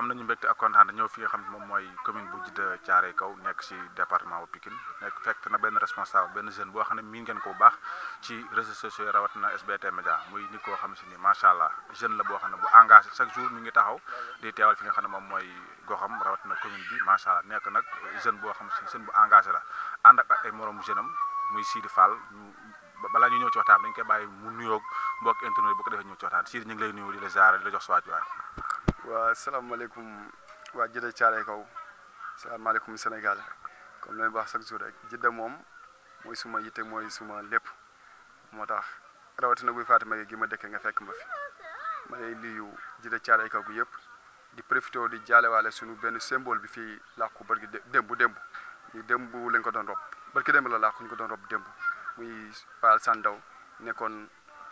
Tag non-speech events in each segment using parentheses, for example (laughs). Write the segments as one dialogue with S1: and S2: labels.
S1: am nañu mbégte ak kontaan ñëw fi nga xam moom mooy commune bu Djiddah Thiaroye Kaw nekk ci département bu Pikine nekk fekk na benn responsable benn jeune boo xam ne miin ngeen ko bu baax ci réseaux sociaux yi rawat na SBT Média muy nit koo xam si ni macha allah jeune la boo xam ne bu engagé chaque jour mi ngi taxaw di xam ne moom mooy goxam rawat na commune bi macha allah nekk nag jeune boo xam si seen bu engagé la ànd ak ay moromu jeune am muy Sidi Fall balaa ñu ñëw ci waxtaan dañ koy bàyyi mu nuyoog mbokk internet bu ko defee ñëw ci waxtaan Sidi ngi lay nuyu di la ziar di la
S2: waa salaamaaleykum waa Jidda Caaroy Kaw salaamaaleykum Sénégal comme lay baax chaque jour rek Jidda moom mooy suma yitte mooy suma lépp moo tax rawatina buy Fatima gi ma dekkee nga fekk ma fi ma lay nuyu Jidda Caaroy Kaw gi yëpp di profité di jaalewaale sunu benn symbole bi fii làkku barki démb demb ñu démb lañ ko doon rob barki démb la làkku ñu ko doon rob démb muy Paal Sandaw nekkoon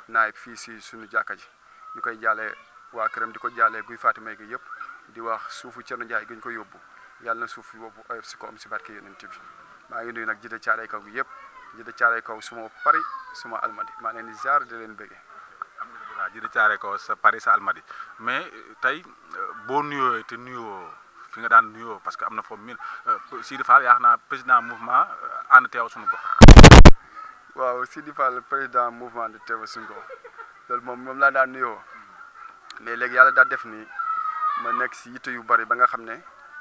S2: naay fii si suñu jàkka ji ñu koy jaale waa këram di ko jàllee guy Fatima gi yëpp di wax suufu Cerno Njaay gi ñu ko yóbbu yàlla na suuf yóbbu oyof si ko am si barke yonent maa ngi nuyu nag jide caaray kaw gi yëpp jide caaray kaw suma Paris suma Almadi maa leen di ziar di leen bëggee.
S1: waaw jide caaray kaw sa Paris sa Almadi mais euh, tey euh, boo nuyoo te nuyo fi nga daan nuyoo parce que am na foofu mil euh, Sidi Fall yaax naa président
S2: mouvement ànd teew suñu gox. waaw Sidi Fall président mouvement ànd teew suñu gox loolu moom moom laa daan nuyoo. mais léegi yàlla daal def nii ma nekk si yitte yu bari ba nga xam ne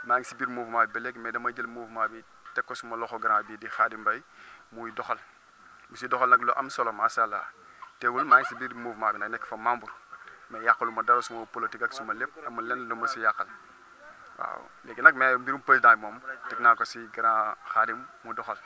S2: maa ngi si biir mouvement bi ba léegi mais damay jël mouvement bi teg ko suma loxo grand bi di Xaadim Mbay muy doxal mu si doxal nag lu am solo macha allah teewul maa ngi si biir mouvement bi nag nekk fa membre mais yàqalu ma dara suma politique ak suma lépp amul len lu ma si yàqal waaw léegi nag mais mbirum posident bi moom teg naa ko si grand Xaadim mu doxal.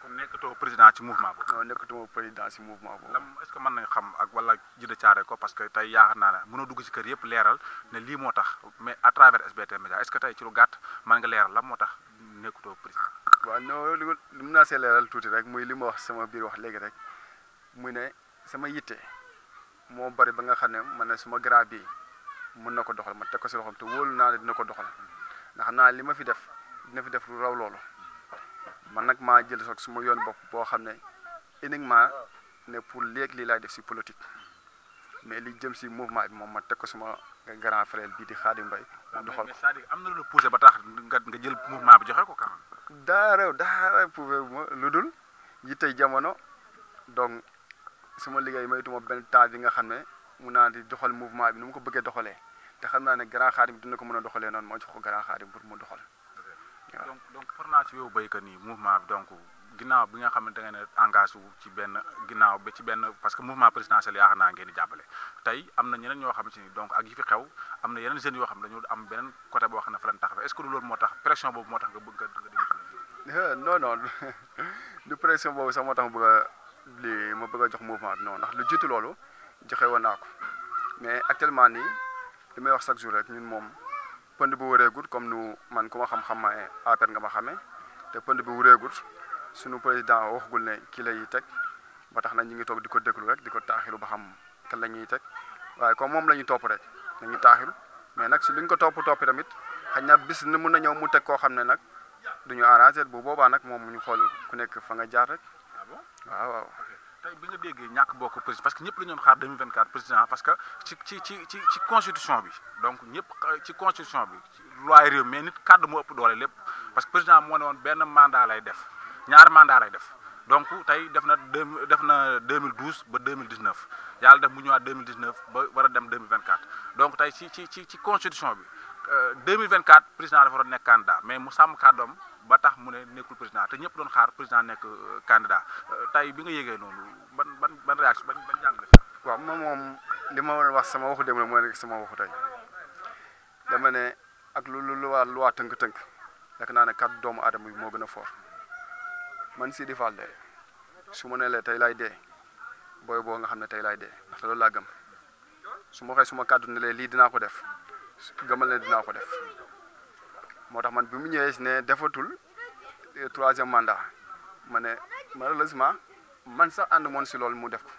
S1: kon nekkatoo président ci mouvement
S2: boobu. non nekkatuma président ci mouvement boobu. lan
S1: est-ce que mën nañu xam ak wala Djida Thiaroye ko parce que tey yaakaar naa ne mënoo dugg ci kër yëpp leeral ne lii moo tax mais à travers SBT Média est-ce que tey ci lu gàtt mën nga leeral lan moo tax nekkatoo président.
S2: waaw non li mën naa see leeral tuuti rek muy li ma wax sama biir wax léegi rek muy ne sama yitte moo bari ba nga xam ne man ne suma grand bii mën na ko doxal ma teg ko ci loxoom te wóolu naa ne dina ko doxal ndax naa li ma fi def dina fi def lu raw loolu. man nag maa jël sax suma yoon bopp boo xam ne uniquement ne pour léegi lii laay def si politique mais li jëm si mouvement bi moom ma teg ko suma grand frère bii di Xaadim Mbay mu doxal ko
S1: c'est-à-dire am na lu poussé ba tax nga jël mouvement bi joxe ko quand
S2: même. daara daara poussé lu dul yi tey jamono donc suma liggéey maytuma benn temps bi nga xam ne mun naa di doxal mouvement bi nu mu ko bëggee doxalee te xam naa ne grand Xaadim dina ko mën a doxalee noonu moo jox ko grand Xaadim mu doxal.
S1: Ah. donc donc formation yow béykat yi mouvement bi donc ginnaaw bi nga xamante ne engage wu ci benn ginnaaw ba ci benn parce que mouvement présidentiel yaakaar naa ngeen di jàppale tey am na ñeneen ñoo xamante ni donc ak yi fi xew am na yeneen jeunes yoo xam ne dañu am beneen côté boo xam ne fa lañ taxawee est-ce que loolu moo tax pression boobu moo tax nga bëgg a.
S2: Euh, non non (laughs) du pression boobu sax moo tax ma bëgg a lii ma bëgg a jox mouvement bi ndax lu jiitu ko mais actuellement nii li may wax chaque jour rek ñun moom. pënd bi wureegut comme nu man ku ma xam-xam ma eh, APR nga ma xamee te pënd bi wureegut sunu président waxagul ne kii lay teg ba tax na ñu ngi toog di ko déglu rek di ko taaxilu ba xam kan la ñuy teg waaye comme moom la ñu topp rek nañu taaxilu mais nag si luñ ko topp topp tamit xëy na bis na mën na ñëw mu teg koo xam ne nag duñu arrangé bu boobaa nag moom mu ñu xool ku nekk fa nga jaar rek ah waaw
S1: tey bi nga béggee ñàkk bokk président parce que ñëpp la ñoon xaar 2024 président parce que ci ci ci ci constitution bi donc ñëpp ci constitution bi loi réew mais nit kàddu moo ëpp doole lépp parce que président moo ne woon benn mandat lay def ñaari mandat lay def donc tey def na def na 2012 ba 2019 yàlla def mu ñëwaat 2019 ba war a dem 2024 donc tey ci ci ci ci constitution bi 2024 euh, président dafa war a nekk candidat mais mu sàmm kàddoom ba tax mu ne nekkul président te ñëpp doon xaar président nekk euh, candidat euh, tey bi nga yégee noonu ban ban ban réaction ban ban jàng
S2: waaw moom moom li ma wax sama waxu dem mooy nekk sama waxu tey dama ne ak lu lu waa tënk-tënk rek naa ne kat doomu aadama bi moo gën a foor man Sidi Fall de su ma tey laay dee booy boo nga xam ne tey laay dee ndaxte laa gëm ma waxee su ma lii dinaa ko def gëmal ne dinaa ko def moo tax man bi mu ñëwee ne defatul eh, troisième mandat ma ne malheureusement man sax ànd moon si loolu mu def ko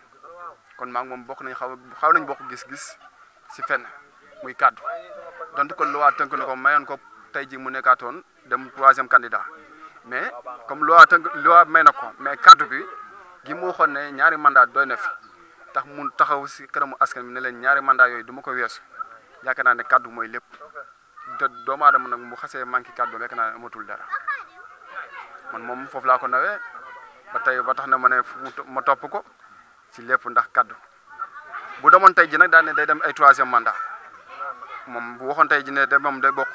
S2: kon maa moom bokk nañ xaw xaw nañ bokk gis-gis si fenn muy kàddu dont kon loi tënk na ko mayoon ko tey ji mu nekkaatoon dem troisième candidat mais comme loi tënk loi may na ko mais kàddu bi gi mu waxoon ne ñaari mandat doy na tax mu taxaw si kanamu askan bi ne leen ñaari mandat yooyu du ma ko weesu yaakaar naa ne kàddu mooy lépp te doomu aadama nag mu xasee manqué kàddu rek naa amatul dara man moom foofu laa ko nawee ba tey ba tax na ma ne fu ma topp ko ci lépp ndax kàddu bu demoon tey ji nag daal ne day dem ay troisième mandat moom bu waxoon tey ji ne de moom day bokk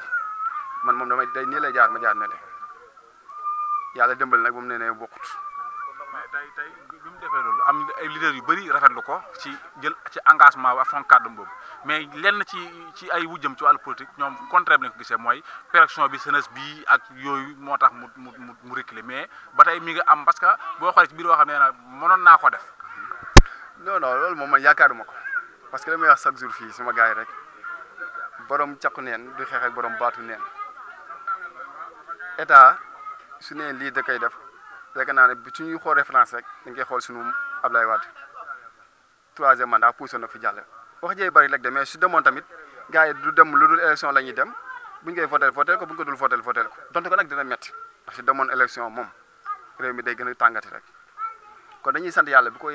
S2: man moom damay day nii lay jaar ma jaar ne le yàlla dimbali nag bu mu nee nee bokkut
S1: mais tey tey bi mu defee lu am ay leader yu bëri rafetlu ko ci jël ci engagement bi ak fonk kàddu boobu mais lenn ci ci ay wujjam ci wàllu politique ñoom contraire bi lañ ko gisee mooy pression bi senes bi ak yooyu moo tax mu mu mu mu mais
S2: ba tey mi ngi am parce que boo xoolee ci biir waxam nee na mënoon naa ko def. non non loolu moom man yaakaaruma ko parce que li may wax chaque jour fii suma gars rek borom caqu neen du xeex ak borom baatu neen état su ne lii da koy def. yaakaar naa ne bi ci ñuy xool référence rek dañ koy xool suñu Ablaye Wade troisième mandat poussé na fi jàll. wax jee bari rek de mais su demoon tamit gars yi du dem lu dul élection la ñuy dem bu ñu koy voté voté ko bu ñu ko dul voté voté ko donte ko nag dina métti ndax su demoon élection moom réew mi day gën a tàngati rek kon dañuy sant yàlla bi ko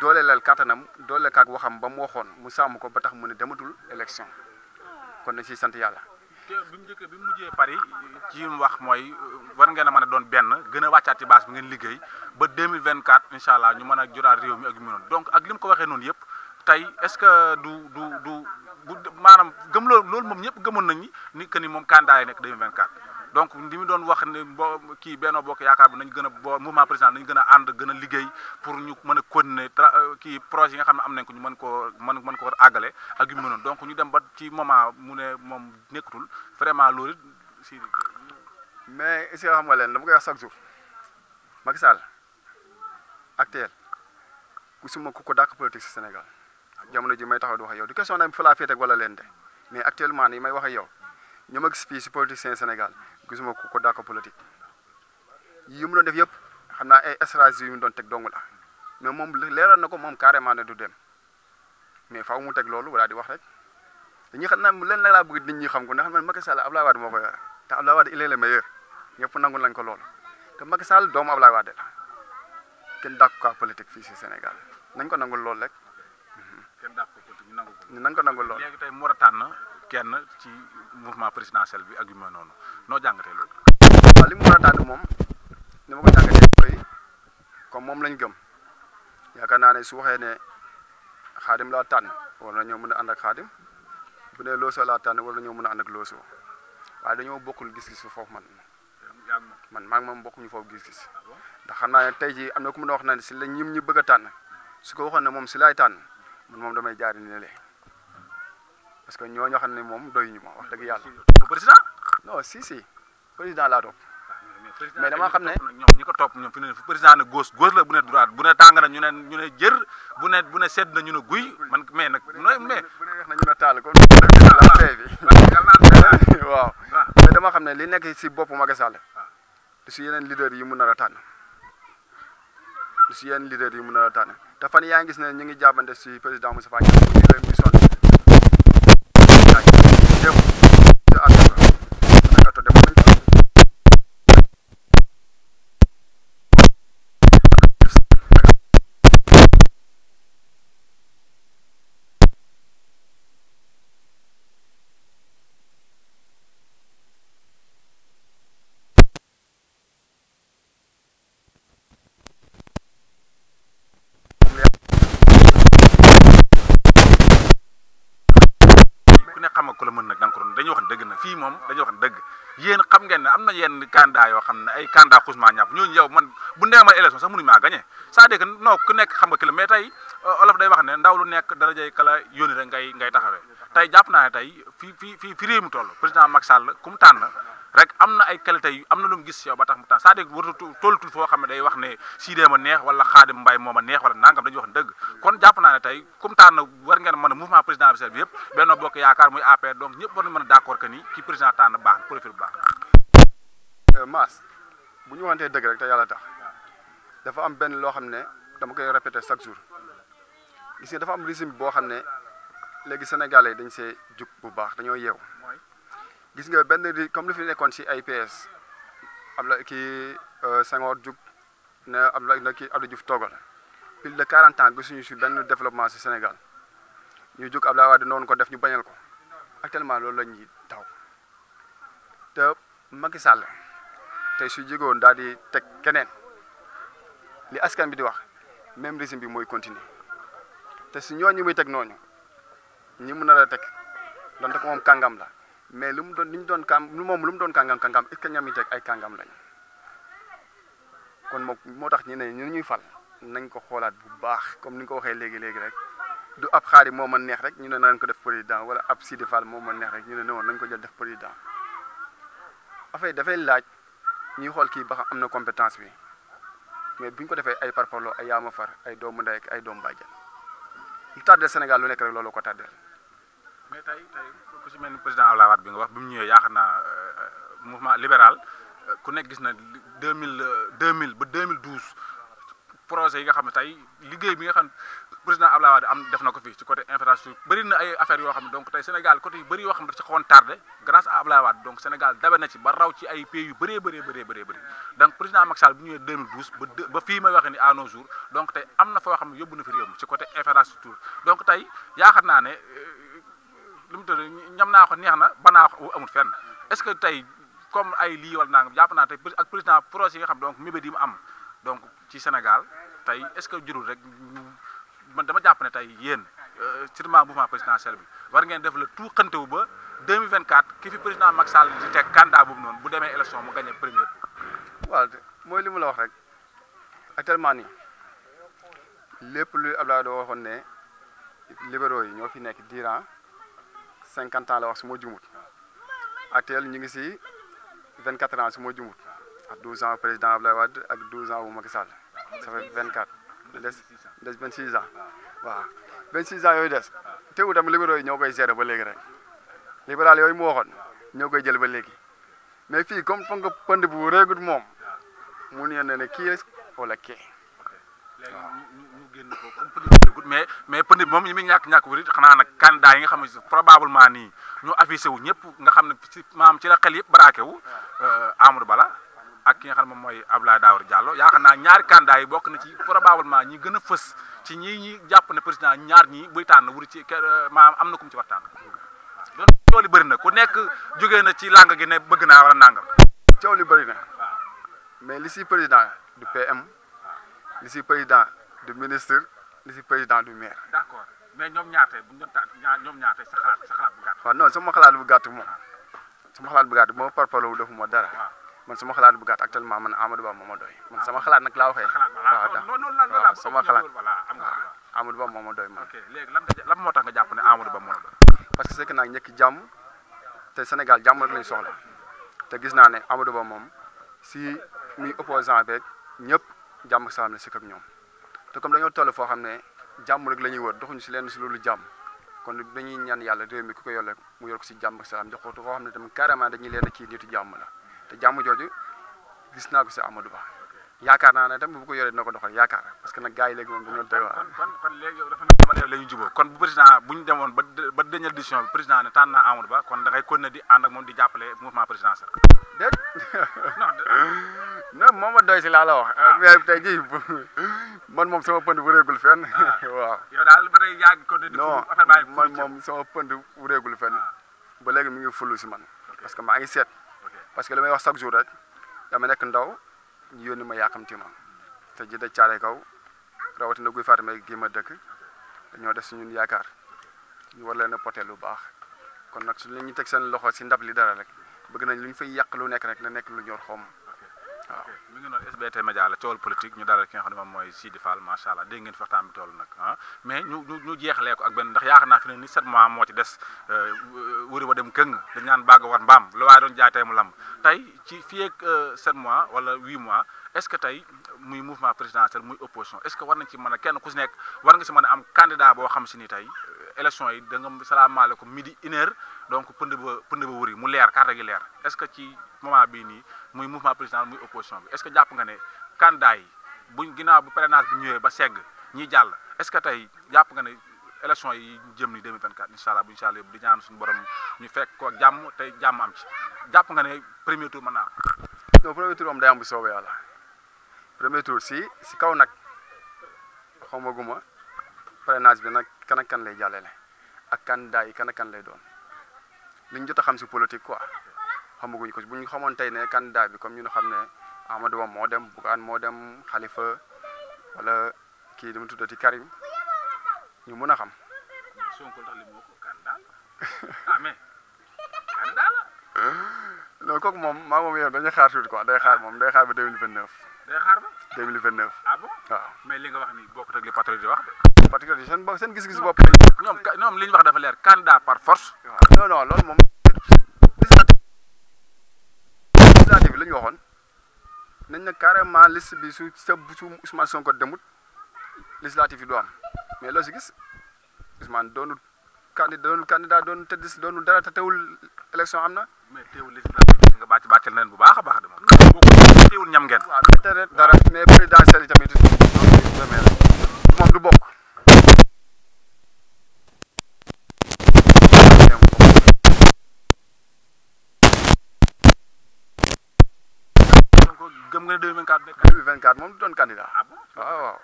S2: doole leel kattanam dooleel kaak waxam ba mu waxoon mu sàmm ko ba tax mu ne dematul élection kon dañ ciy sant yàlla.
S1: te bi mu njëkkee bi mu mujjee Paris ci mu wax mooy euh, war ngeen a mën a doon benn gën a wàccaat ci base bi ngeen liggéey ba 2024 incha allah ñu mën a juraat réew mi ak yu mel noonu donc ak li mu ko waxee noonu yëpp tey est-ce que du du du bu maanaam gëm loolu loolu moom ñëpp gëmoon nañ ni que ni moom candidat yi nekk 2024. donc li mu doon wax ne mboo kii Benno Bokk Yaakaar bi nañ gën a boo mouvement président nañ gën a ànd gën a liggéey pour ñu mën a continuer euh, kii projet yi nga xam ne am nañ ko ñu mën koo mën mën ko àggale ak yu mu noonu donc ñu dem ba ci moment
S2: mu ne moom nekkatul vraiment loolu si mais est-ce que xam nga leen dama koy wax chaque jour Macky Sall actuel gisuma ku ko dàq politique si Sénégal jamono ji may tax di wax ak yow du question nag fa laa féete wala leen de mais actuellement may wax yow ñoo ma gis fii si politicien Sénégal gisuma ku ko dàq politique yi mu doon def yëpp xam naa ay stratégie yu mu doon teg dong la mais moom leeral na ko moom carrément ne du dem mais faaw mu teg loolu wala di wax rek dañuy xam na leen la laa bëgg nit ñi xam ko ndax man Macky Sall Abdoulaye Wade moo ko yore te Abdoulaye Wade il est meilleur ñëpp nangu lañ ko lool te Macky Sall doomu Abdoulaye Wade la kenn dàq fii si Sénégal nañ ko nangul loolu rek. kenn dàq ko politique ñu nangul ko. ñu nañ ko nangul loolu léegi tey
S1: mu a tànn ci mouvement présidentiel bi ak noonu. noo jàngatee loolu. waaw li mu
S2: a tànn moom ni comme moom lañ gëm yaakaar naa ne su waxee ne xaadim laa tànn war na mën a ànd ak xaadim bu ne loosoo ñoo mën a ànd dañoo bokkul gis-gis foofu man man maa moom bokkuñu foofu gis-gis ndax xam naa ne tey jii am na ku a wax ne si la ñi bëgg tànn su ko waxoon ne moom si laay tànn man damay jaari ne le parce que ñoo xam ne moom doyuñu ma wax dëgg yàlla non si si président laa topp. mais dama xam ne ñoom ñi ko topp ñoom fi ne fu président ne góos góos la bu ne droite bu ne tàng na ñu ne ñu ne jër bu ne bu ne sedd na ñu ne guy man mais nag. mais bu ne wax na ñu ne taal kon. (laughs) (laughs) waaw mais dama xam ne li nekk si bopp Macky Sall du si yeneen leader yi mu nar a tànn du si yeneen leader yi mu nar a tànn te fan yaa ngi gis ne ñu ngi jàppante si président Moustapha Niasse
S1: moom dañuy wax dëgg yéen xam ngeen ne am na yenn candidat yoo xam ne ay candidat xusma ñàpp ñooñu yow man bu ndee ma élection sax mënuñu maa gagné c'est-à-dire que nekk xam nga ki la mais tey euh, olof wax ne ndaw lu nekk darajay kala yónni rek ngay ngay taxawee tey jàpp naa ne tey fi fi fi réew mi toll président Macky Sall ku mu tànn rek am na ay qualité yu am na lu mu gis yow ba tax mu tax c'est-à-dire waratu tollatul foo xam ne day wax ne Sidé ma neex wala Xaadim Mbaye moo ma neex wala nangam dañuy wax dëgg kon jàpp naa ne tey comme a mouvement présidentiel bi yëpp Benno Bokk Yaakaar muy APR donc ñëpp war nañu mën a d'accord que ni ki président tànn baax
S2: euh, bu ñu wantee dëgg rek te yàlla tax dafa am benn loo xam ne dama koy répéter chaque jour gis nga dafa am régime boo xam ne léegi sénégalais dañ see jug bu baax dañoo yeew gis nga benn comme li fi nekkoon si ay PS am la kii euh, Senghor jug ne am la kii Abdou Diouf toogal plus de 40 ans gisuñu si benn développement si Sénégal ñu jug Abdoulaye Wade noonu ko def ñu bañal ko actuellement loolu la ñuy taw te Macky Sall tey su jigoon daal di teg keneen li askan bi di wax même régime bi mooy continuer te si ñooñu muy teg nooñu ñi mu nar a teg donte ko moom kàngam la. mais lu mu doon li ñu doon kàmm moom lu mu doon kàngam kàngam est ka que ñam teg ay kangam lañ kon moom moo tax ñu ne ñu ñuy fal nañ ko xoolaat bu baax comme ni nga ko waxee léegi léegi rek du ab xaari moo a neex rek ñu ne nañ ko def président wala ab Sidi Fall moo mën neex rek ñu ne non nañ ko jël def président affaire dafay laaj ñuy xool kii ba am na compétence bi mais bu ñu ko defee ay parparloo ay yaama far ay doomu ndey ak ay doom bàjjan lu tardé Sénégal lu nekk rek loolu ko tardé.
S1: mais tey tey ku si mel ni président Abdoulaye Wade bi nga wax bi mu ñëwee yaakaar naa euh, mouvement libéral euh, ku nekk gis na 2000 2000 euh, ba 2012 projet yi nga xam ne tey liggéey bi nga xam président Abdoulaye Wade am def na ko fii ci côté infrastructure bëri na ay affaires yoo xam ne donc tey Sénégal côté yu bëri yoo xam ne da ci xawoon tardé grâce à Abdoulaye Wade donc Sénégal dabe na ci ba raw ci ay pays yu bëree bëree bëree bëree bëri donc président Macky Sall bu ñëwee 2012 ba ba fii may fi réew mi ci côté infrastructure lu mu tëdd ñam naa ko neex na ba naa ko amul est-ce que tey comme ay lii naa nangam jàpp naa tey ak président projet yi nga xam donc mébét yi mu am donc ci Sénégal tey est-ce que jurul rek man dama jàpp ne tey yéen euh, sûrement mouvement présidentiel bi war ngeen def la tout wu ba 2024 ki fi président Macky Sall di teg candidat boobu noonu bu demee élection mu gagné premier tour.
S2: waaw mooy li mu la wax rek actuellement nii lépp lu Abdoulaye doo waxoon ne libéraux yi ñoo fi nekk diiran cinquante ans la wax su ma jumut actuel ñu ngi si vingt quatre ans su ma jumut ak douze ans président Abdoulaye Wade ak douze ans wu Macky Sall ça fait vingt quatre des des vingt six ans waaw vingt six ans yooyu des teewu tamit libéraux yi ñoo koy gérer ba léegi rek libéral yooyu mu waxoon ñoo koy jël ba léegi mais fii comme fa nga pënd bu réegut moom mu ne ne kii wala kii waaw.
S1: mais mais pënd bi moom ñi muy ñàkk-ñàkk wuri xanaa nag candidat yi nga xam ne si probablement nii ñu affiché wu ñëpp nga xam ne ci maam ci la xel yëpp baraake wu euh, Amadou Bala ak ki nga xam ne moom mooy Abdoulaye Daouda Diallo yaakaar naa ñaari candidat yi bokk na ci probablement ñi gën a fës ci ñii ñi jàpp ne président ñaar ñi buy tànn wuri ci euh, maam am na ku mu ci war tànn doon coow
S2: bëri na ku nekk jógee na ci làng gi ne bëgg naa wala nangam coow li bëri na mais li si président du PM li si président du li si président du maire.
S1: d' accord mais ñoom ñaar tey bu ñoom ñaar tey sa xalaat sa xalaat bu gàtt.
S2: waaw non sama xalaat bu gàtt moom sama xalaat moo parparloo defuma dara. man sama xalaat bu gàtt actuellement man Amadou Ba moo ma doy. man ah, sama xalaat nag laa waxee. waaw sama xalaat Amadou Ba ah, moo ma doy man. ok léegi lan lan moo tax nga jàpp ne Amadou Ba moo la doy. que c'est nag ñëkk jàmm te Sénégal jàmm rek lañ soxla te gis naa ne Amadou Ba moom si mi opposant beeg ñëpp jàmm ak salaam si ak ñoom. te comme dañoo toll foo xam ne jàmm rek la wër doxuñu si lenn si loolu jàmm kon dañuy ñaan yàlla réew mi ko yolle mu yor ko si jàmm si Amadou Ba
S1: kon kon kon bu di ànd moom di jàppale mouvement présidentiel. déet
S2: non (laughs) moom a doy si laa mais tey jii (laughs) man moom sama pënd bu fenn. Ah. (laughs) waaw yow daal ba tey yaa ngi continué. non man moom sama ah. ba léegi mi ngi fulu si man. parce que maa ngi seet. parce que li may wax chaque jour rek dama nekk ndaw ñu yónni ma yàqamti ma te ji da caare kaw rawatina guy Fatou may gii ma dëkk ñoo def si ñun yaakaar ñu war leen a poté lu baax kon nag suñu la ñuy teg seen loxo si ndab li dara rek bëgg nañ lu ñu fay yàq lu nekk rek na nekk lu ñor xom waaw
S1: mi ngi noonu SBT Média la coowal politique ñu dalal ki nga xam ne moom mooy Sidi Fall macha allah dégg ngeen fi nag ah. mais ñu ñu ñu jeexalee ko ak benn ndax yaakaar naa fi ne ni sept mois moo ci des euh, wëri wa dem këng dañ naan bàgg war mbaam lu waaye doon jaay tey mu lamb tey ci fii ak euh, mois wala huit mois est ce que tey muy mouvement présidentiel muy opposition est ce que war nañ ci mën a kenn ku si nekk war nga si mën a am candidat boo xam si ni tey euh, élection yi da nga salaamaaleykum midi une heure donc pënd ba pënd ba wëri mu leer carte gi leer moment bii nii muy mouvement président muy opposition bi est ce que jàpp nga ne candidat yi buñ ginnaaw bu parrainage bi ñëwee ba segg ñiy jàll est ce que tey jàpp nga ne élection yi jëm ni 2024 incha allah bu incha allah di ñaan suñu borom ñu fekk ko jàmm tey jàmm ci jàpp nga ne premier tour mën naa am. non premier tour bu soobee
S2: yàlla premier si si kaw nag xamaguma parrainage bi nag kan ak kan lay jàllale ak kandaay yi kan kan lay doon liñ jot a xam si politique quoi. xamaguñ ko bu ñu xamoon tey ne candidat bi comme ñu xam ne Amadou Ba moo dem Bougane moo dem xalifa wala kii dama tuddati Karim ñu mën a xam.
S1: Sonko tax li mu ko candidat
S2: la (laughs) ah (laughs) kooku moom maa moom yow dañuy xaar tuuti quoi day xaar moom day xaar ba 2029. day xaar ba 2029. ah bon waaw li nga wax ni boo ak li patriote di wax de. patriote seen seen gis-gis bopp. ñoom ñoom li ñu wax dafa leer candidat par force. waaw loolu moom. ñu waxoon nañ ne carrément liste bi su sa su Ousmane Sonko demut législative yi du am mais loo si gis Ousmane doonul candidat doonul candidat doonul tëdd si doonul dara te teewul élection am na. mais teewul législative nga bàcc bàccal na leen bu baax a baax de moom. teewul ñam ngeen. waaw dara mais présidentielle yi tamit moom du bokk. nga ne 2024 moom du doon candidat. Ah waaw waaw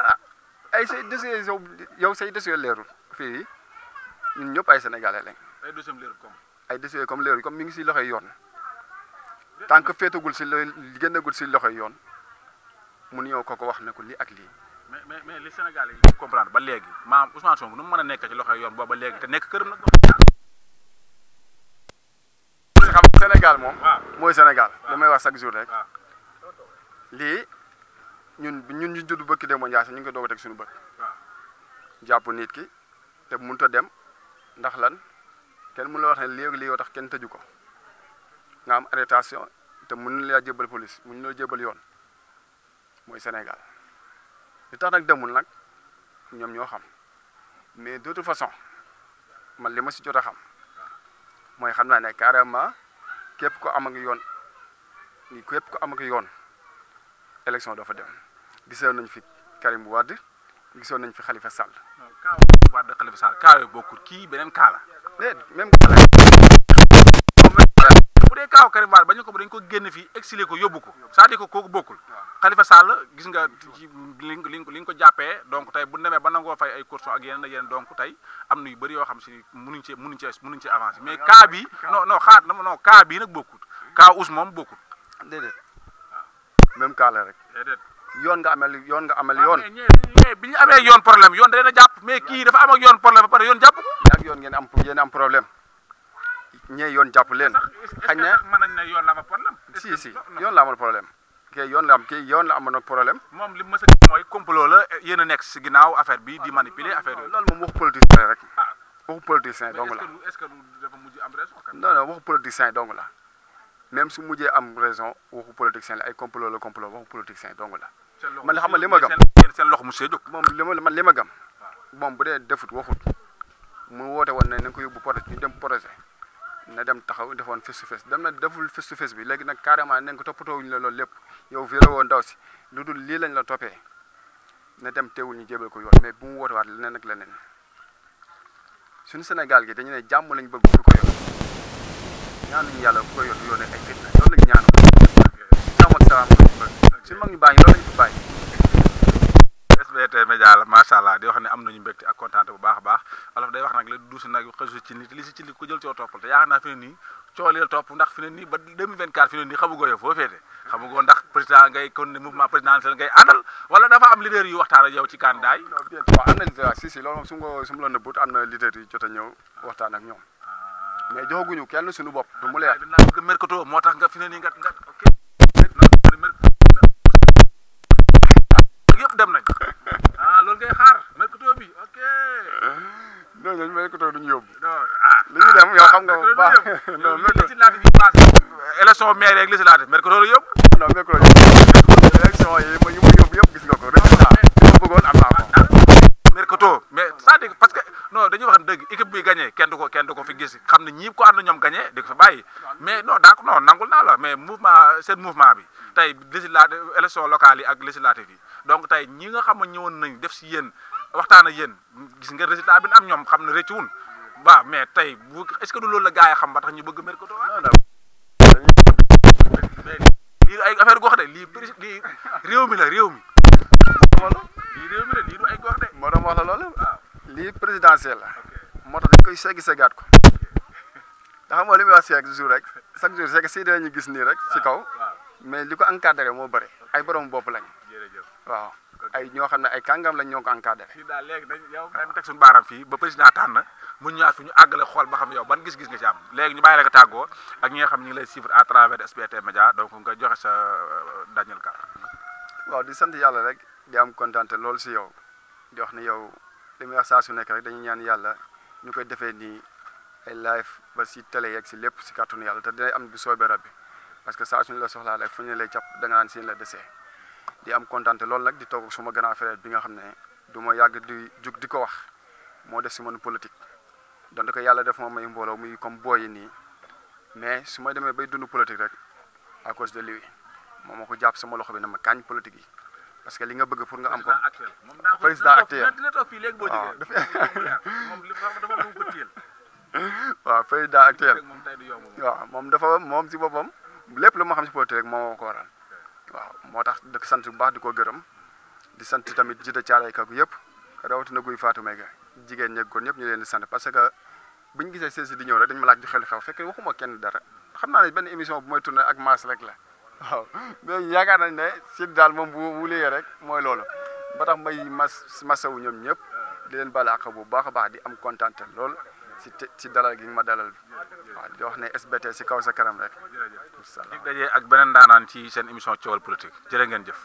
S2: ah, ay say dossiers yow yow say dossiers leerul fii ñun ñëpp ay sénégalais lañ. ay dossiers leerul comme. ay dossiers comme leerul comme mi ngi si loxoy yoon tant que féetagul si la génnagul si loxoy yoon mu ñëw ko ko wax ne ko lii ak lii.
S1: mais mais mais li sénégalais yi comprendre ba léegi maam Ousmane Sonko nu mu mën a nekk ci loxoy yoon boobu ba léegi te nekk këram nag.
S2: Sénégal moom mooy Sénégal damay wax chaque jour rek lii ñun ñun ñu judd bëkki de Ndiaye sax ñu ngi koy doog a teg suñu bët jàpp nit ki te mënut a dem ndax lan kenn mënu la wax ne léegi lii yoo tax kenn tëju ko nga am arrestation te mënu laa jébal police mënu la jébal yoon mooy Sénégal li tax nag demul nag ñoom ñoo xam mais d' autre façon man li ma si jot a xam mooy xam naa ne carrément képp ko am ak yoon képp ko am ak yoon. élection doo fa dem gisoon nañ fi Karim Wade gisoon nañ fi Khalifa Sall. Kaaw Wade Khalifa bokkul kii beneen Kaa la. déet même Kaa bu dee Kaaw Karim
S1: Wade bañu ko ba dañ ko génn fii exilé ko yóbbu ko cest ko dire que kooku bokkul. Khalifa Sall gis nga li li li nga ko jàppee donc tey bu nemee ba nangoo fay ay courson ak yeneen ak yeneen donc tey am na yu bëri yoo xam si ni mënuñ cee mënuñ cee mënuñ cee avancé mais ah, Kaa bi non non xaar non non Kaa bii nag bokkul Kaa us moom bokkul
S2: même cas la rek. yoon nga amal yoon nga amal yoon. mais bi ñu amee yoon problème yoon dana jàpp mais kii dafa am ak yoon problème ba pare yoon jàpp yoon am yéen yoon jàpp leen. xañ na mën nañ ne yoon la amal problème. si yoon la amal problème. moom li mu mës a gis mooy complot la yéen nekk si ginnaaw affaire bi di manipuler affaire bi. loolu moom waxu politicien rek. Ah. waxu politicien dong la mais est-ce que est-ce que la. même su mujjee am raison waxu politicien la ay complot la complot waxu politicien dong la. man xam nga li ma gëm seen loxo mu see jóg moom li ma man li ma gëm. moom bu dee defut waxut mu woote woon ne na ko yóbbu projet ñu dem projet na dem taxaw defoon face dem na deful face to bi léegi nag carrément nañ ko toppatoo la loolu lépp yow fi la woon ndaw si lu dul lii lañ la toppee na dem teewul ñu jébal ko yoon mais bu mu woote waat leneen ak leneen suñu Sénégal gi dañu ne jàmm lañ bëgg. ñaanuñu yàlla ko yoon loolu lañ ñaanu jàmm ak
S1: ko bëgg suñu mag ñu bàyyi loolu lañ ko bàyyi SBT Média la macha allah di wax ne am nañu mbégte ak kontaan bu baax a baax alof day wax nag la duusi nag xësu ci nit li si ci li ku jël coo toppal te yaakaar naa fi ne nii cool yi topp ndax fi ne nii ba 2024 fi ne nii xamugoo yow foo féete ndax président ngay kon ne mouvement présidentiel ngay àndal wala dafa am leader yu waxtaan ak yow ci candidat yi
S2: waaw am na leader si si loolu su ma su ma la nëbbut am na leader yi jot a ñëw waxtaan mais joxaguñu kenn suñu bop du mu leer. dinaa moo tax nga fi ne nii nga nga ok. yëpp dem nañ ah loolu ngay xaar mercato bi ok. non non mercato duñu yóbbu. Ah. li ñu dem yow xam nga bu baax. la yóbbu. non mercato élection yi ma ñu ma yóbbu yëpp gis nga ah, ah. parce que non dañuy wax dëgg équipe bi gagné kenn ko kenn ko. fi gis
S1: xam ne ñii ko ànd ñoom gagné di ko fa bàyyi mais non daa ko non nangul naa la mais mouvement seen mouvement bi hmm. tey législative élection locale yi ak législative yi donc tey ñi nga xam ne ñëwoon nañ def si yéen waxtaan ak yéen gis nga résultat bi am ñoom xam ne rëccuwul waaw mais tey bu est-ce du loolu la gars yi xam ba tax ñu bëgg mercato lii ay affaire gox de lii
S2: prix lii mi la réew mi. lii réew mi la lii du ay gox de. moo doon wax la loolu. Ah. lii présidentiel la. moo tax dañ koy seggi seggaat ndax xam nga li si chaque jour rek li ko encadré moo bëri ay borom bopp lañ. jërëjëf waaw ay ñoo xam ne ay kàngam lañ ñoo ko encadré. fii daal léegi
S1: dañ yow dañ teg suñu baaram ba président tànn mu ñëwaat fi àggale xool ba xam yow ban gis-gis nga ci léegi ñu bàyyi la ko tàggoo ak ñi nga xam ñu ngi lay suivre à travers SBT joxe sa euh,
S2: Daniel Ka. waaw di sant yàlla rek di am kontaante loolu si yow di wax ne yow li wax saa su nekk rek dañuy ñaan yàlla ñu koy defee nii ay live ba si télé yegg si lépp si kàttanu yàlla te dinay am bi soobee rab bi parce que saa suñu la soxlaa rek fu ñu lay jàpp da nga naan la desee di am kontante loolu nag di toog suma grand frère bi nga xam ne du ma yàgg di jug di ko wax moo def si man politique donte ko yàlla def ma may mbooloo muy comme booyi nii mais suma demee bay dund politique rek à cause de lui moom moo ko jàpp sama loxo bi na ma kaañ politique yi parce que li nga bëgg pour nga am ko
S1: président actuel (laughs)
S2: (laughs) waaw fayda actuel waaw moom dafa moom si boppam lépp la moo xam si politique rek moo ko waral waaw moo tax dëkk sant bu baax di ko gërëm di sant tamit jida caalay kooku yëpp rawatina guy Fatou Mega jigéen ñeeg góor ñëpp ñu leen di sant parce que bu ñu gisee seen di ñëw rek dañu ma laaj di xel xew fekk waxuma kenn dara xam naa ne benn émission bu may tourné ak maas rek la waaw mais yaakaar nañ ne Sidi daal moom bu wulee rek mooy loolu ba tax may mas masawu ñoom ñëpp di leen bala àq bu baax a baax di am kontaan lool. ci si dalal gi ma dalal waaw di wax ne SBT si kaw sa kanam rek. jërëjëf
S1: dig daje ak beneen daanaan ci seen émission coowal politique jërë ngeen jëf.